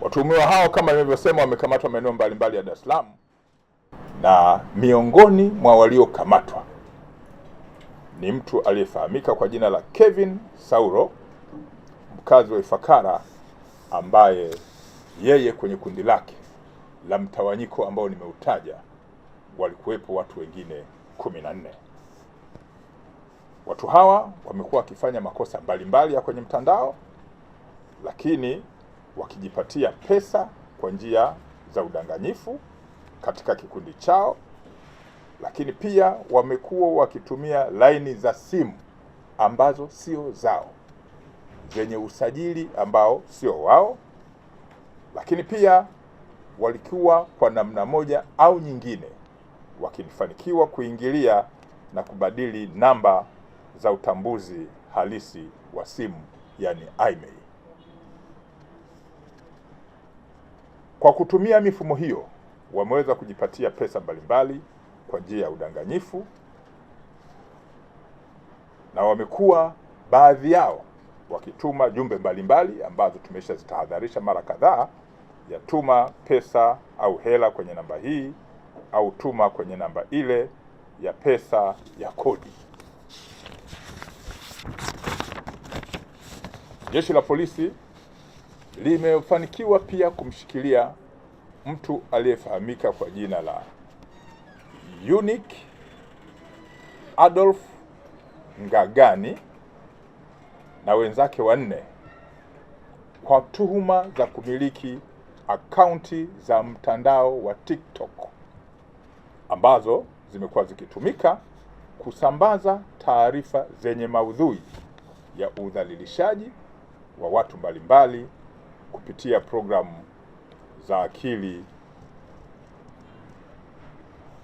Watuhumiwa hao kama nilivyosema, wamekamatwa maeneo mbalimbali ya Dar es Salaam, na miongoni mwa waliokamatwa ni mtu aliyefahamika kwa jina la Kevin Sauro, mkazi wa Ifakara, ambaye yeye kwenye kundi lake la mtawanyiko ambao nimeutaja walikuwepo watu wengine kumi na nne. Watu hawa wamekuwa wakifanya makosa mbalimbali mbali ya kwenye mtandao, lakini wakijipatia pesa kwa njia za udanganyifu katika kikundi chao, lakini pia wamekuwa wakitumia laini za simu ambazo sio zao zenye usajili ambao sio wao, lakini pia walikuwa kwa namna moja au nyingine wakifanikiwa kuingilia na kubadili namba za utambuzi halisi wa simu, yani IMEI. Kwa kutumia mifumo hiyo wameweza kujipatia pesa mbalimbali kwa njia ya udanganyifu, na wamekuwa baadhi yao wakituma jumbe mbalimbali ambazo tumeshazitahadharisha mara kadhaa, ya tuma pesa au hela kwenye namba hii au tuma kwenye namba ile ya pesa ya kodi. Jeshi la Polisi limefanikiwa pia kumshikilia mtu aliyefahamika kwa jina la Unique Adolf Ngagani na wenzake wanne kwa tuhuma za kumiliki akaunti za mtandao wa TikTok ambazo zimekuwa zikitumika kusambaza taarifa zenye maudhui ya udhalilishaji wa watu mbalimbali kupitia programu za akili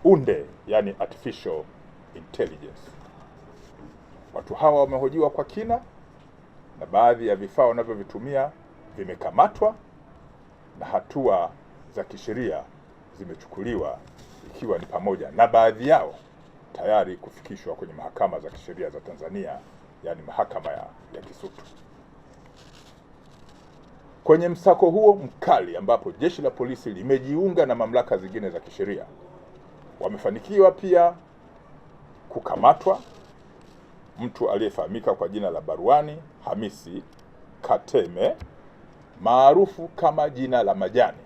unde, yani artificial intelligence. Watu hawa wamehojiwa kwa kina na baadhi ya vifaa wanavyovitumia vimekamatwa na hatua za kisheria zimechukuliwa ikiwa ni pamoja na baadhi yao tayari kufikishwa kwenye mahakama za kisheria za Tanzania, yaani mahakama ya, ya Kisutu kwenye msako huo mkali ambapo jeshi la polisi limejiunga na mamlaka zingine za kisheria, wamefanikiwa pia kukamatwa mtu aliyefahamika kwa jina la Baruani Hamisi Kateme maarufu kama jina la Majani.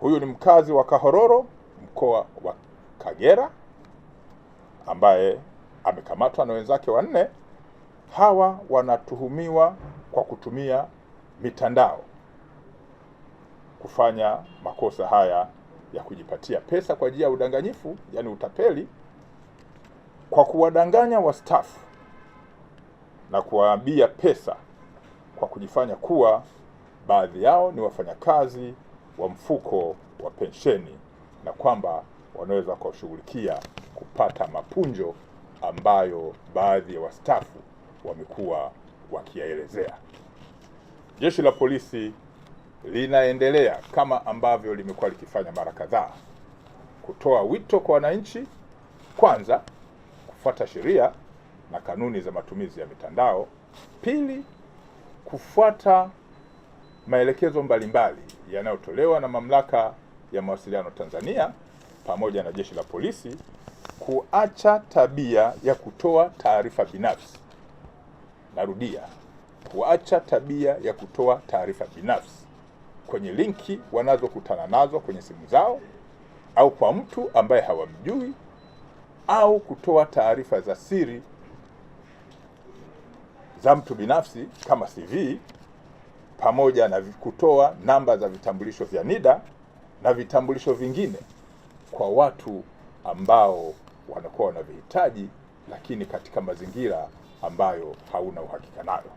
Huyu ni mkazi wa Kahororo mkoa wa Kagera ambaye amekamatwa na wenzake wanne. Hawa wanatuhumiwa kwa kutumia mitandao kufanya makosa haya ya kujipatia pesa kwa njia ya udanganyifu, yani utapeli, kwa kuwadanganya wastaafu na kuwaambia pesa kwa kujifanya kuwa baadhi yao ni wafanyakazi wa mfuko wa pensheni na kwamba wanaweza kuwashughulikia kupata mapunjo ambayo baadhi ya wastaafu wamekuwa wakiyaelezea. Jeshi la Polisi linaendelea kama ambavyo limekuwa likifanya mara kadhaa, kutoa wito kwa wananchi kwanza, kufuata sheria na kanuni za matumizi ya mitandao; pili, kufuata maelekezo mbalimbali yanayotolewa na Mamlaka ya Mawasiliano Tanzania pamoja na Jeshi la Polisi kuacha tabia ya kutoa taarifa binafsi. Narudia, kuacha tabia ya kutoa taarifa binafsi kwenye linki wanazokutana nazo kwenye simu zao au kwa mtu ambaye hawamjui au kutoa taarifa za siri za mtu binafsi kama CV pamoja na kutoa namba za vitambulisho vya NIDA na vitambulisho vingine kwa watu ambao wanakuwa wanavihitaji, lakini katika mazingira ambayo hauna uhakika nayo.